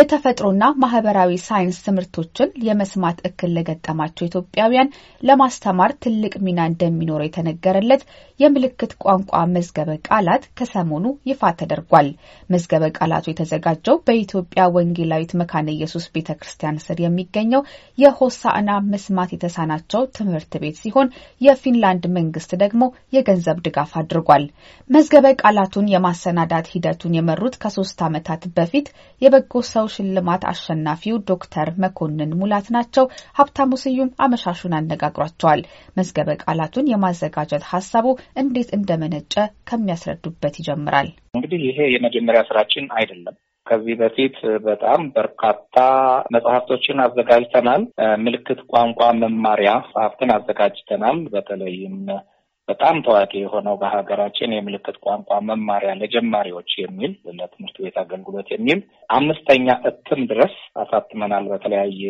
የተፈጥሮና ማህበራዊ ሳይንስ ትምህርቶችን የመስማት እክል ለገጠማቸው ኢትዮጵያውያን ለማስተማር ትልቅ ሚና እንደሚኖረው የተነገረለት የምልክት ቋንቋ መዝገበ ቃላት ከሰሞኑ ይፋ ተደርጓል። መዝገበ ቃላቱ የተዘጋጀው በኢትዮጵያ ወንጌላዊት መካነ ኢየሱስ ቤተ ክርስቲያን ስር የሚገኘው የሆሳዕና መስማት የተሳናቸው ትምህርት ቤት ሲሆን የፊንላንድ መንግስት ደግሞ የገንዘብ ድጋፍ አድርጓል። መዝገበ ቃላቱን የማሰናዳት ሂደቱን የመሩት ከሶስት ዓመታት በፊት የበጎ ሰው ሽልማት አሸናፊው ዶክተር መኮንን ሙላት ናቸው። ሀብታሙ ስዩም አመሻሹን አነጋግሯቸዋል። መዝገበ ቃላቱን የማዘጋጀት ሀሳቡ እንዴት እንደመነጨ ከሚያስረዱበት ይጀምራል። እንግዲህ ይሄ የመጀመሪያ ስራችን አይደለም። ከዚህ በፊት በጣም በርካታ መጽሐፍቶችን አዘጋጅተናል። ምልክት ቋንቋ መማሪያ መጽሐፍትን አዘጋጅተናል። በተለይም በጣም ታዋቂ የሆነው በሀገራችን የምልክት ቋንቋ መማሪያ ለጀማሪዎች የሚል ለትምህርት ቤት አገልግሎት የሚል አምስተኛ እትም ድረስ አሳትመናል በተለያየ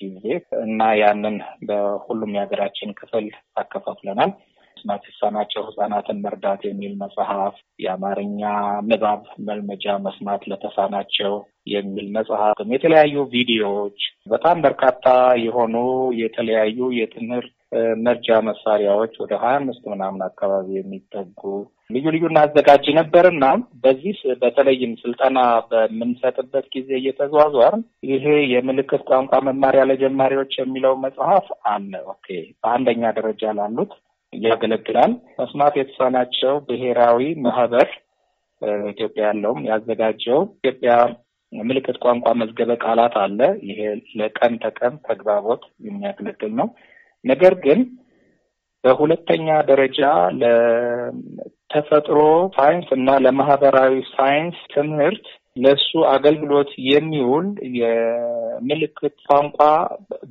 ጊዜ እና ያንን በሁሉም የሀገራችን ክፍል አከፋፍለናል። መስማት ሲሳናቸው ህጻናትን መርዳት የሚል መጽሐፍ፣ የአማርኛ ንባብ መልመጃ መስማት ለተሳናቸው የሚል መጽሐፍ፣ የተለያዩ ቪዲዮዎች፣ በጣም በርካታ የሆኑ የተለያዩ የትምህርት መርጃ መሳሪያዎች ወደ ሀያ አምስት ምናምን አካባቢ የሚጠጉ ልዩ ልዩ እናዘጋጅ ነበርና በዚህ በተለይም ስልጠና በምንሰጥበት ጊዜ እየተዟዟር ይሄ የምልክት ቋንቋ መማሪያ ለጀማሪዎች የሚለው መጽሐፍ አለ። ኦኬ በአንደኛ ደረጃ ላሉት ያገለግላል። መስማት የተሳናቸው ብሔራዊ ማህበር ኢትዮጵያ ያለውም ያዘጋጀው ኢትዮጵያ ምልክት ቋንቋ መዝገበ ቃላት አለ። ይሄ ለቀን ተቀን ተግባቦት የሚያገለግል ነው። ነገር ግን በሁለተኛ ደረጃ ለተፈጥሮ ሳይንስ እና ለማህበራዊ ሳይንስ ትምህርት ለሱ አገልግሎት የሚውል የምልክት ቋንቋ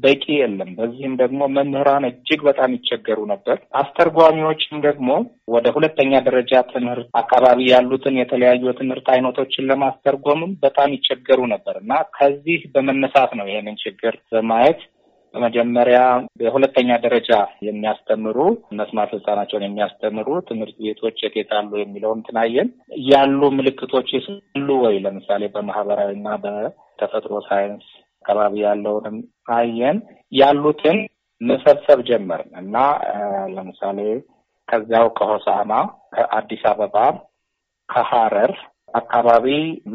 በቂ የለም። በዚህም ደግሞ መምህራን እጅግ በጣም ይቸገሩ ነበር። አስተርጓሚዎችም ደግሞ ወደ ሁለተኛ ደረጃ ትምህርት አካባቢ ያሉትን የተለያዩ የትምህርት አይነቶችን ለማስተርጎምም በጣም ይቸገሩ ነበር እና ከዚህ በመነሳት ነው ይህንን ችግር በማየት በመጀመሪያ በሁለተኛ ደረጃ የሚያስተምሩ መስማት ህጻናቸውን የሚያስተምሩ ትምህርት ቤቶች የቴታሉ የሚለውን ትናየን ያሉ ምልክቶች ይስሉ ወይ ለምሳሌ በማህበራዊና በተፈጥሮ ሳይንስ አካባቢ ያለውንም አየን። ያሉትን መሰብሰብ ጀመርን እና ለምሳሌ ከዚያው ከሆሳማ፣ ከአዲስ አበባ፣ ከሀረር አካባቢ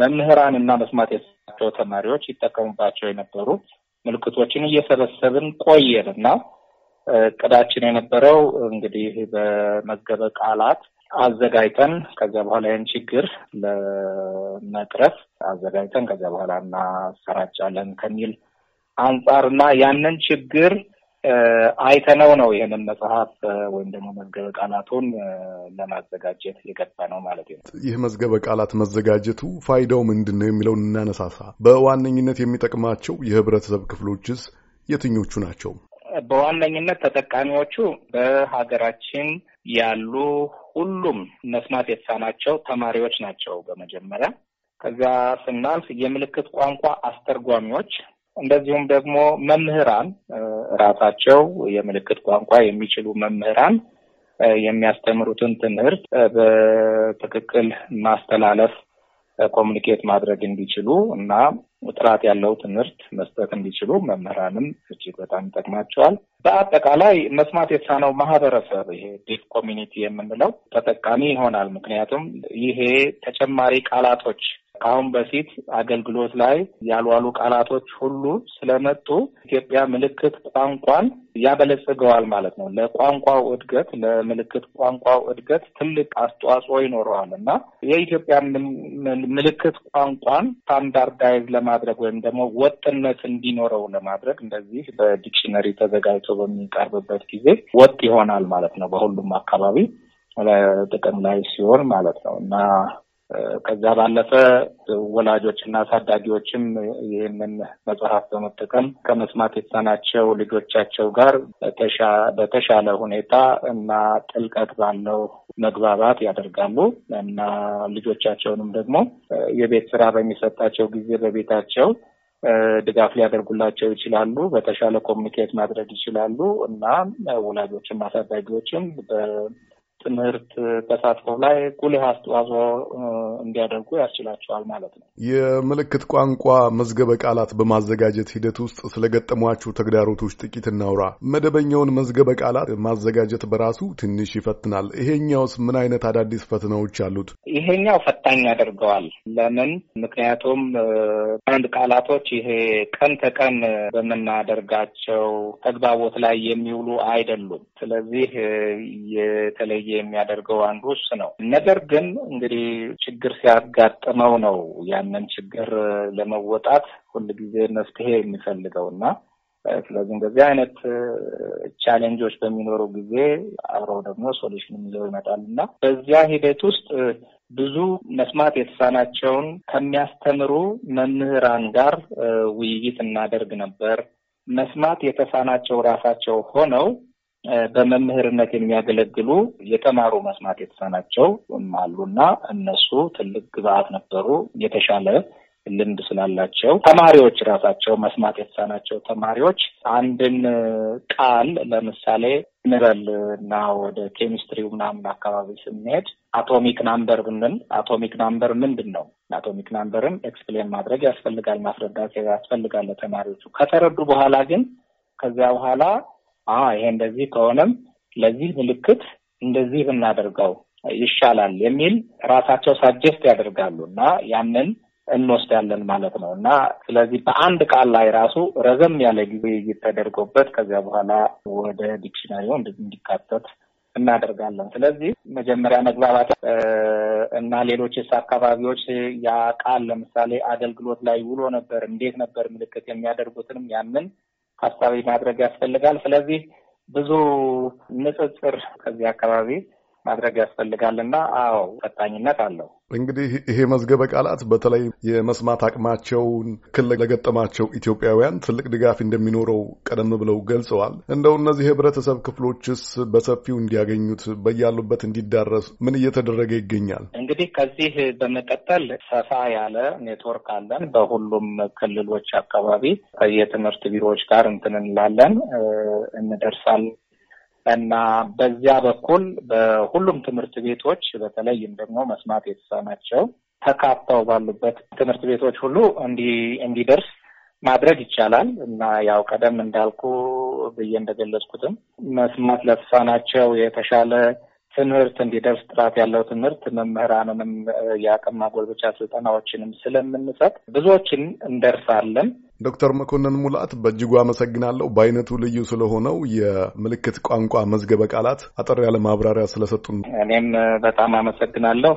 መምህራን እና መስማት የተሳናቸው ተማሪዎች ይጠቀሙባቸው የነበሩት ምልክቶችን እየሰበሰብን ቆየን እና እቅዳችን የነበረው እንግዲህ በመዝገበ ቃላት አዘጋጅተን ከዚያ በኋላ ይህን ችግር ለመቅረፍ አዘጋጅተን ከዚያ በኋላ እናሰራጫለን ከሚል አንጻርና ያንን ችግር አይተነው ነው ይህንን መጽሐፍ ወይም ደግሞ መዝገበ ቃላቱን ለማዘጋጀት የገባ ነው ማለት ነው። ይህ መዝገበ ቃላት መዘጋጀቱ ፋይዳው ምንድን ነው የሚለውን እናነሳሳ። በዋነኝነት የሚጠቅማቸው የህብረተሰብ ክፍሎችስ የትኞቹ ናቸው? በዋነኝነት ተጠቃሚዎቹ በሀገራችን ያሉ ሁሉም መስማት የተሳናቸው ተማሪዎች ናቸው በመጀመሪያ ከዛ ስናልፍ የምልክት ቋንቋ አስተርጓሚዎች እንደዚሁም ደግሞ መምህራን ራሳቸው የምልክት ቋንቋ የሚችሉ መምህራን የሚያስተምሩትን ትምህርት በትክክል ማስተላለፍ ኮሚኒኬት ማድረግ እንዲችሉ እና ጥራት ያለው ትምህርት መስጠት እንዲችሉ መምህራንም እጅግ በጣም ይጠቅማቸዋል። በአጠቃላይ መስማት የተሳነው ማህበረሰብ ይሄ ዲፍ ኮሚኒቲ የምንለው ተጠቃሚ ይሆናል። ምክንያቱም ይሄ ተጨማሪ ቃላቶች ከአሁን በፊት አገልግሎት ላይ ያልዋሉ ቃላቶች ሁሉ ስለመጡ ኢትዮጵያ ምልክት ቋንቋን ያበለጽገዋል ማለት ነው። ለቋንቋው እድገት፣ ለምልክት ቋንቋው እድገት ትልቅ አስተዋጽኦ ይኖረዋል እና የኢትዮጵያ ምልክት ቋንቋን ስታንዳርዳይዝ ለማድረግ ወይም ደግሞ ወጥነት እንዲኖረው ለማድረግ እንደዚህ በዲክሽነሪ ተዘጋጅቶ በሚቀርብበት ጊዜ ወጥ ይሆናል ማለት ነው። በሁሉም አካባቢ ጥቅም ላይ ሲሆን ማለት ነው እና ከዛ ባለፈ ወላጆች እና አሳዳጊዎችም ይህንን መጽሐፍ በመጠቀም ከመስማት የተሳናቸው ልጆቻቸው ጋር በተሻለ ሁኔታ እና ጥልቀት ባለው መግባባት ያደርጋሉ እና ልጆቻቸውንም ደግሞ የቤት ስራ በሚሰጣቸው ጊዜ በቤታቸው ድጋፍ ሊያደርጉላቸው ይችላሉ። በተሻለ ኮሚኒኬት ማድረግ ይችላሉ እና ወላጆችም አሳዳጊዎችም ትምህርት ተሳትፎ ላይ ጉልህ አስተዋጽኦ እንዲያደርጉ ያስችላቸዋል ማለት ነው። የምልክት ቋንቋ መዝገበ ቃላት በማዘጋጀት ሂደት ውስጥ ስለገጠሟችሁ ተግዳሮቶች ጥቂት እናውራ። መደበኛውን መዝገበ ቃላት ማዘጋጀት በራሱ ትንሽ ይፈትናል። ይሄኛውስ ምን አይነት አዳዲስ ፈተናዎች አሉት? ይሄኛው ፈታኝ ያደርገዋል። ለምን? ምክንያቱም አንድ ቃላቶች ይሄ ቀን ተቀን በምናደርጋቸው ተግባቦት ላይ የሚውሉ አይደሉም። ስለዚህ የተለየ የሚያደርገው አንዱ እሱ ነው። ነገር ግን እንግዲህ ችግር ሲያጋጥመው ነው ያንን ችግር ለመወጣት ሁልጊዜ መፍትሄ የሚፈልገው እና ስለዚህ እንደዚህ አይነት ቻሌንጆች በሚኖሩ ጊዜ አብረው ደግሞ ሶሉሽን ይዘው ይመጣል እና በዚያ ሂደት ውስጥ ብዙ መስማት የተሳናቸውን ከሚያስተምሩ መምህራን ጋር ውይይት እናደርግ ነበር። መስማት የተሳናቸው ራሳቸው ሆነው በመምህርነት የሚያገለግሉ የተማሩ መስማት የተሳናቸው አሉና እነሱ ትልቅ ግብአት ነበሩ። የተሻለ ልምድ ስላላቸው ተማሪዎች ራሳቸው መስማት የተሳናቸው ተማሪዎች አንድን ቃል ለምሳሌ ንበል እና ወደ ኬሚስትሪው ምናምን አካባቢ ስንሄድ አቶሚክ ናምበር ብንል አቶሚክ ናምበር ምንድን ነው? አቶሚክ ናምበርን ኤክስፕሌን ማድረግ ያስፈልጋል፣ ማስረዳት ያስፈልጋል ለተማሪዎቹ። ከተረዱ በኋላ ግን ከዚያ በኋላ ይሄ እንደዚህ ከሆነም ለዚህ ምልክት እንደዚህ ብናደርገው ይሻላል የሚል ራሳቸው ሳጀስት ያደርጋሉ እና ያንን እንወስዳለን ማለት ነው እና ስለዚህ በአንድ ቃል ላይ ራሱ ረዘም ያለ ጊዜ እየተደርጎበት ከዚያ በኋላ ወደ ዲክሽናሪው እንዲካተት እናደርጋለን። ስለዚህ መጀመሪያ መግባባት እና ስ አካባቢዎች ያ ቃል ለምሳሌ አገልግሎት ላይ ውሎ ነበር፣ እንዴት ነበር ምልክት የሚያደርጉትንም ያንን ታሳቢ ማድረግ ያስፈልጋል። ስለዚህ ብዙ ንጽጽር ከዚህ አካባቢ ማድረግ ያስፈልጋል እና አዎ ፈጣኝነት አለው። እንግዲህ ይሄ መዝገበ ቃላት በተለይ የመስማት አቅማቸውን ክል ለገጠማቸው ኢትዮጵያውያን ትልቅ ድጋፍ እንደሚኖረው ቀደም ብለው ገልጸዋል። እንደው እነዚህ የህብረተሰብ ክፍሎችስ በሰፊው እንዲያገኙት በያሉበት እንዲዳረሱ ምን እየተደረገ ይገኛል? እንግዲህ ከዚህ በመቀጠል ሰፋ ያለ ኔትወርክ አለን። በሁሉም ክልሎች አካባቢ ከየትምህርት ቢሮዎች ጋር እንትን እንላለን እንደርሳለን እና በዚያ በኩል በሁሉም ትምህርት ቤቶች በተለይም ደግሞ መስማት የተሳናቸው ተካተው ባሉበት ትምህርት ቤቶች ሁሉ እንዲደርስ ማድረግ ይቻላል እና ያው ቀደም እንዳልኩ ብዬ እንደገለጽኩትም መስማት ለተሳናቸው የተሻለ ትምህርት እንዲደርስ ጥራት ያለው ትምህርት መምህራንንም የአቅም ማጎልበቻ ስልጠናዎችንም ስለምንሰጥ ብዙዎችን እንደርሳለን። ዶክተር መኮንን ሙላት በእጅጉ አመሰግናለሁ። በአይነቱ ልዩ ስለሆነው የምልክት ቋንቋ መዝገበ ቃላት አጠር ያለ ማብራሪያ ስለሰጡን እኔም በጣም አመሰግናለሁ።